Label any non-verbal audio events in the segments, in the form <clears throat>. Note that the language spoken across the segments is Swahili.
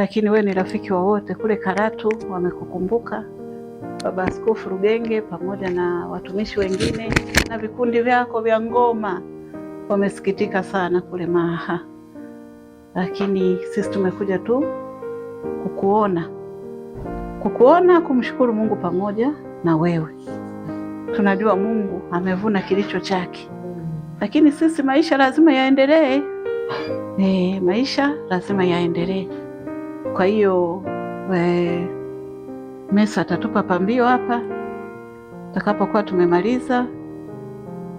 lakini wewe ni rafiki wa wote. Kule Karatu wamekukumbuka Baba Askofu Rugenge pamoja na watumishi wengine na vikundi vyako vya ngoma, wamesikitika sana kule maha lakini sisi tumekuja tu kukuona, kukuona, kumshukuru Mungu pamoja na wewe. Tunajua Mungu amevuna kilicho chake, lakini sisi maisha lazima yaendelee. E, maisha lazima yaendelee. Kwa hiyo Mesa atatupa pambio hapa, tutakapokuwa tumemaliza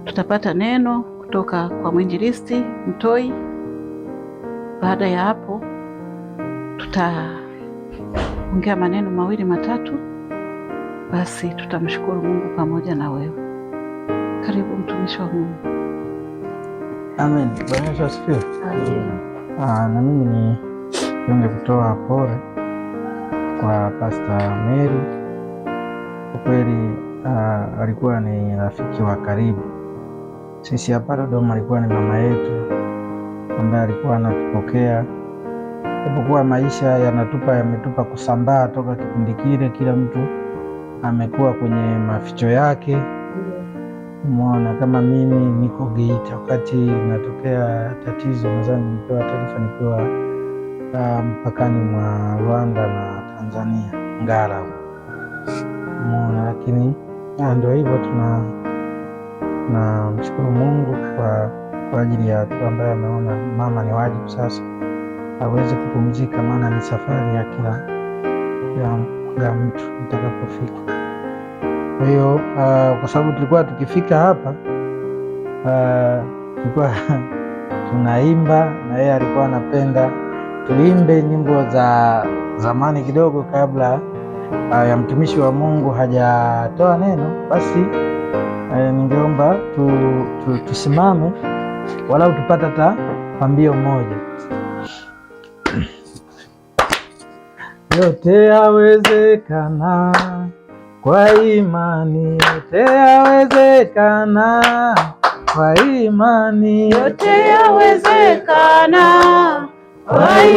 tutapata neno kutoka kwa mwinjilisti Mtoi. Baada ya hapo, tutaongea maneno mawili matatu, basi tutamshukuru Mungu pamoja na wewe. Karibu mtumishi wa Mungu. Amen. Bwana asifiwe. Amen. Ah, na mimi ni Pende kutoa pole kwa Pasta Mary. Kwa kweli uh, alikuwa ni rafiki wa karibu sisi hapa Dodoma, alikuwa ni mama yetu ambaye alikuwa anatupokea ipokuwa maisha yanatupa yametupa kusambaa toka kipindi kile, kila mtu amekuwa kwenye maficho yake. Umeona, kama mimi niko Geita wakati natokea tatizo, nadhani nipewa taarifa nikiwa Aa, mpakani mwa Rwanda na Tanzania Ngara mona, lakini ah, ndio hivyo, tuna mshukuru Mungu kwa kwa ajili ya watu ambaye ameona mama ni wajibu sasa aweze kupumzika, maana ni safari ya kila ya, ya mtu itakapofika. Kwa hiyo uh, kwa sababu tulikuwa tukifika hapa uh, tulikuwa <laughs> tunaimba na yeye alikuwa anapenda tuimbe nyimbo za zamani kidogo kabla uh, ya mtumishi wa Mungu hajatoa neno. Basi uh, ningeomba tu, tu, tusimame walau tupata hata pambio moja. <clears throat> Yote yawezekana kwa imani, yote yawezekana kwa imani, yote yawezekana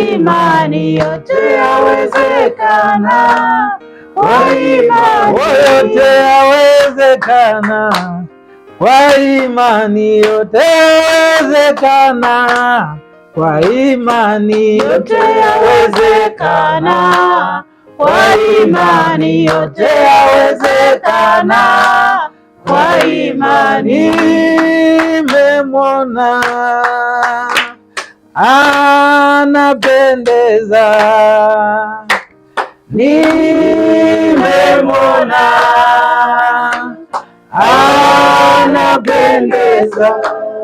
imani yote yawezekana, kwa imani yote yawezekana, kwa imani yote yawezekana, kwa imani yote yawezekana, kwa imani imemwona ah anapendeza, nimemwona anapendeza,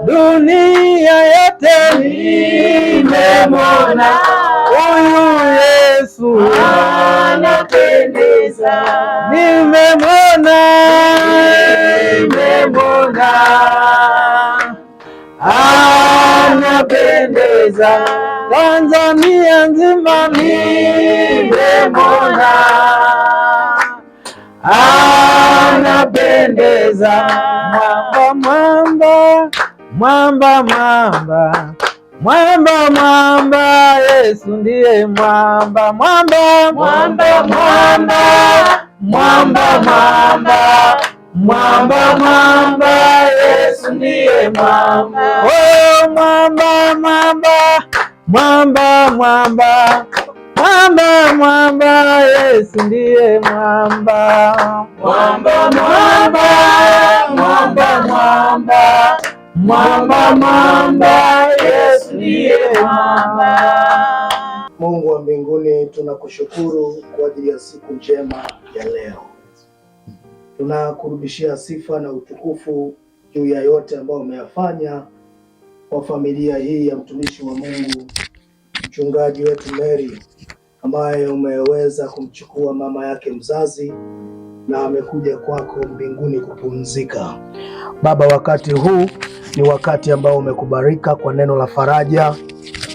dunia yote nimemona huyu Yesu anapendeza, nimemwona, nimemwona kupendeza Tanzania nzima nimemwona, anapendeza mwamba mwamba mwamba mwamba mwamba mwamba, Yesu ndiye mwamba mwamba mwamba mwamba mwamba mwamba mwamba mwamba, Yesu ndiye mwamba mwamba mwamba mwamba mwamba mwamba mwamba, Yesu ndiye mwamba mwamba mwamba mwamba mwamba mwamba mwamba, Yesu ndiye mwamba. Mungu wa mbinguni, tunakushukuru kwa ajili ya siku njema ya leo. Tunakurudishia sifa na utukufu juu ya yote ambayo umeyafanya wa familia hii ya mtumishi wa Mungu mchungaji wetu Mary ambaye umeweza kumchukua mama yake mzazi na amekuja kwako mbinguni kupumzika. Baba, wakati huu ni wakati ambao umekubarika kwa neno la faraja.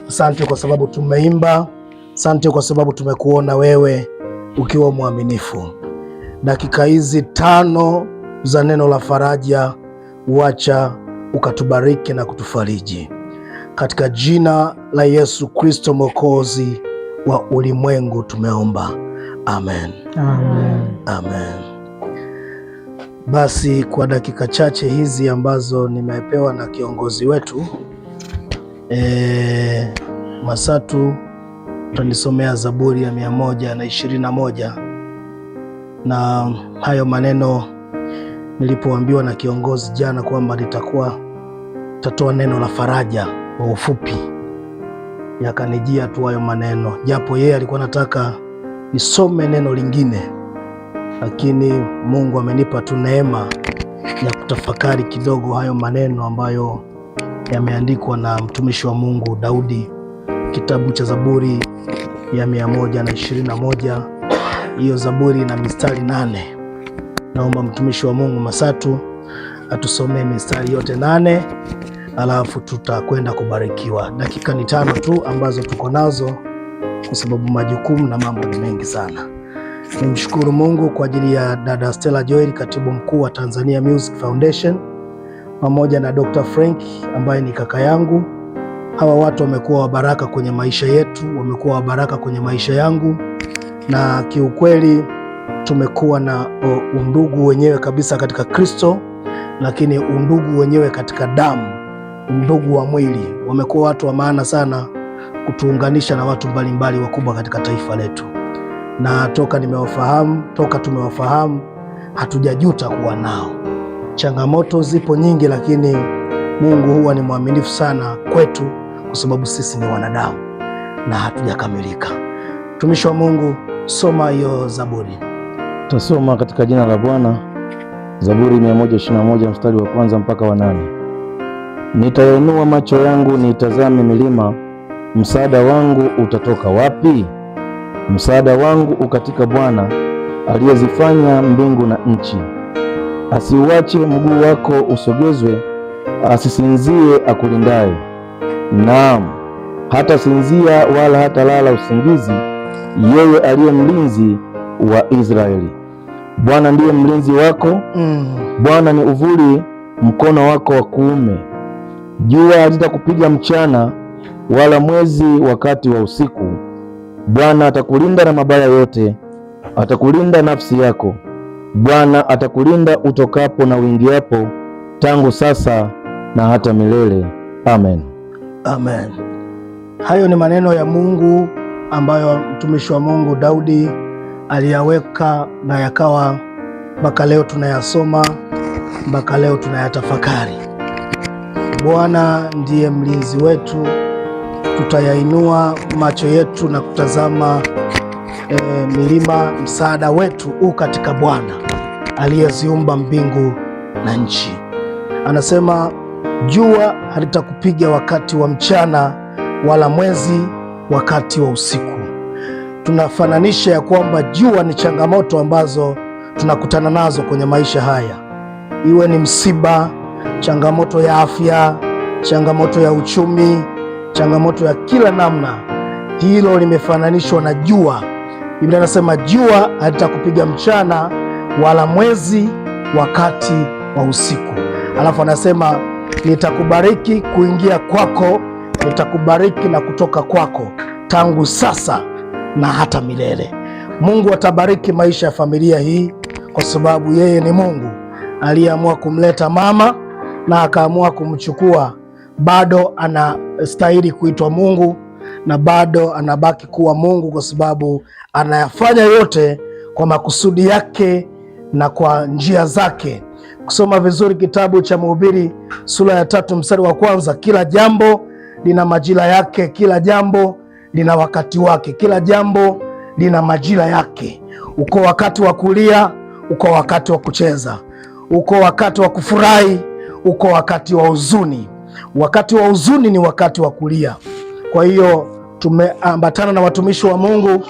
Asante kwa sababu tumeimba, asante kwa sababu tumekuona wewe ukiwa mwaminifu. Dakika hizi tano za neno la faraja, uacha ukatubariki na kutufariji katika jina la Yesu Kristo mwokozi wa ulimwengu tumeomba, amen. Amen. Amen. Basi kwa dakika chache hizi ambazo nimepewa na kiongozi wetu e, Masatu utanisomea Zaburi ya mia moja na ishirini na moja na hayo maneno nilipoambiwa na kiongozi jana kwamba nitakuwa Tatoa neno la faraja kwa ufupi, yakanijia tu hayo maneno, japo yeye alikuwa anataka nisome neno lingine, lakini Mungu amenipa tu neema ya kutafakari kidogo hayo maneno ambayo yameandikwa na mtumishi wa Mungu Daudi, kitabu cha Zaburi ya mia moja na ishirini na moja. Hiyo Zaburi na mistari nane. Naomba mtumishi wa Mungu Masatu atusomee mistari yote nane, alafu tutakwenda kubarikiwa. Dakika ni tano tu ambazo tuko nazo, kwa sababu majukumu na mambo ni mengi sana. Nimshukuru Mungu kwa ajili ya dada Stella Joel, katibu mkuu wa Tanzania Music Foundation, pamoja na Dr. Frank ambaye ni kaka yangu. Hawa watu wamekuwa wabaraka kwenye maisha yetu, wamekuwa wabaraka kwenye maisha yangu, na kiukweli tumekuwa na undugu wenyewe kabisa katika Kristo lakini undugu wenyewe katika damu, undugu wa mwili, wamekuwa watu wa maana sana kutuunganisha na watu mbalimbali wakubwa katika taifa letu, na toka nimewafahamu, toka tumewafahamu, hatujajuta kuwa nao. Changamoto zipo nyingi, lakini Mungu huwa ni mwaminifu sana kwetu, kwa sababu sisi ni wanadamu na hatujakamilika. Mtumishi wa Mungu, soma hiyo Zaburi. Tutasoma katika jina la Bwana. Zaburi 121 mstari wa kwanza mpaka wa nane. macho yangu niitazame milima, msaada wangu utatoka wapi? Msaada wangu ukatika Bwana aliyezifanya mbingu na nchi. Asiuache mguu wako usogezwe, asisinzie akulindaye. Naam, hata sinzia wala hata lala usingizi, yeye aliye mlinzi wa Israeli. Bwana ndiye mlinzi wako mm. Bwana ni uvuli mkono wako wa kuume. Jua halitakupiga mchana, wala mwezi wakati wa usiku. Bwana atakulinda na mabaya yote, atakulinda nafsi yako. Bwana atakulinda utokapo na uingiapo, tangu sasa na hata milele. Amen, amen. Hayo ni maneno ya Mungu ambayo mtumishi wa Mungu Daudi aliyaweka na yakawa mpaka leo tunayasoma, mpaka leo tunayatafakari. Bwana ndiye mlinzi wetu, tutayainua macho yetu na kutazama e, milima. Msaada wetu u katika Bwana aliyeziumba mbingu na nchi. Anasema jua halitakupiga wakati wa mchana, wala mwezi wakati wa usiku tunafananisha ya kwamba jua ni changamoto ambazo tunakutana nazo kwenye maisha haya, iwe ni msiba, changamoto ya afya, changamoto ya uchumi, changamoto ya kila namna. Hilo limefananishwa na jua. Biblia inasema jua halitakupiga mchana wala mwezi wakati wa usiku. Alafu anasema nitakubariki kuingia kwako, nitakubariki na kutoka kwako tangu sasa na hata milele. Mungu atabariki maisha ya familia hii, kwa sababu yeye ni Mungu aliyeamua kumleta mama na akaamua kumchukua. Bado anastahili kuitwa Mungu na bado anabaki kuwa Mungu, kwa sababu anayafanya yote kwa makusudi yake na kwa njia zake. Kusoma vizuri kitabu cha Mhubiri sura ya tatu mstari wa kwanza, kila jambo lina majira yake, kila jambo lina wakati wake, kila jambo lina majira yake. Uko wakati wa kulia, uko wakati wa kucheza, uko wakati wa kufurahi, uko wakati wa huzuni. Wakati wa huzuni ni wakati wa kulia. Kwa hiyo tumeambatana na watumishi wa Mungu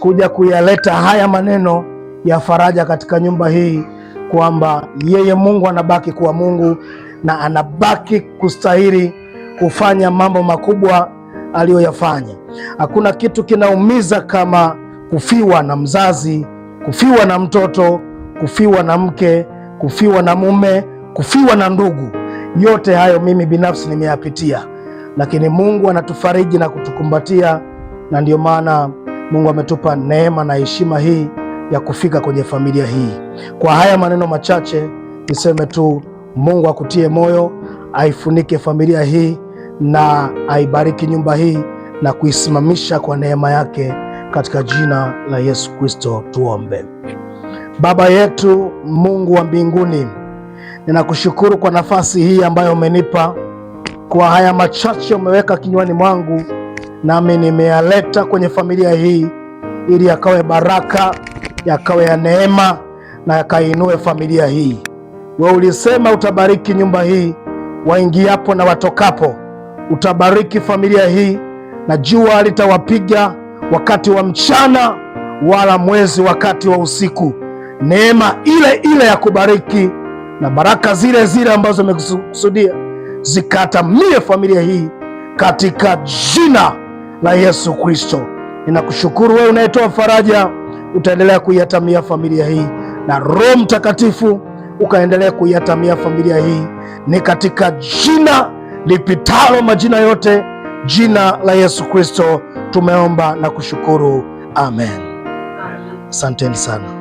kuja kuyaleta haya maneno ya faraja katika nyumba hii kwamba yeye Mungu anabaki kuwa Mungu na anabaki kustahili kufanya mambo makubwa aliyoyafanya. Hakuna kitu kinaumiza kama kufiwa na mzazi, kufiwa na mtoto, kufiwa na mke, kufiwa na mume, kufiwa na ndugu. Yote hayo mimi binafsi nimeyapitia, lakini Mungu anatufariji na kutukumbatia, na ndiyo maana Mungu ametupa neema na heshima hii ya kufika kwenye familia hii. Kwa haya maneno machache, niseme tu Mungu akutie moyo, aifunike familia hii na aibariki nyumba hii na kuisimamisha kwa neema yake katika jina la Yesu Kristo. Tuombe. Baba yetu Mungu wa mbinguni, ninakushukuru kwa nafasi hii ambayo umenipa, kwa haya machache umeweka kinywani mwangu, nami nimeyaleta kwenye familia hii ili yakawe baraka, yakawe ya neema na yakainue familia hii. Wewe ulisema utabariki nyumba hii waingiapo na watokapo, utabariki familia hii na jua litawapiga wakati wa mchana, wala mwezi wakati wa usiku. Neema ile ile ya kubariki na baraka zile zile ambazo imekusudia zikatamie familia hii katika jina la Yesu Kristo. Ninakushukuru wewe unayetoa faraja, utaendelea kuiatamia familia hii, na Roho Mtakatifu ukaendelea kuiatamia familia hii, ni katika jina lipitalo majina yote jina la Yesu Kristo tumeomba na kushukuru, amen. Asanteni sana.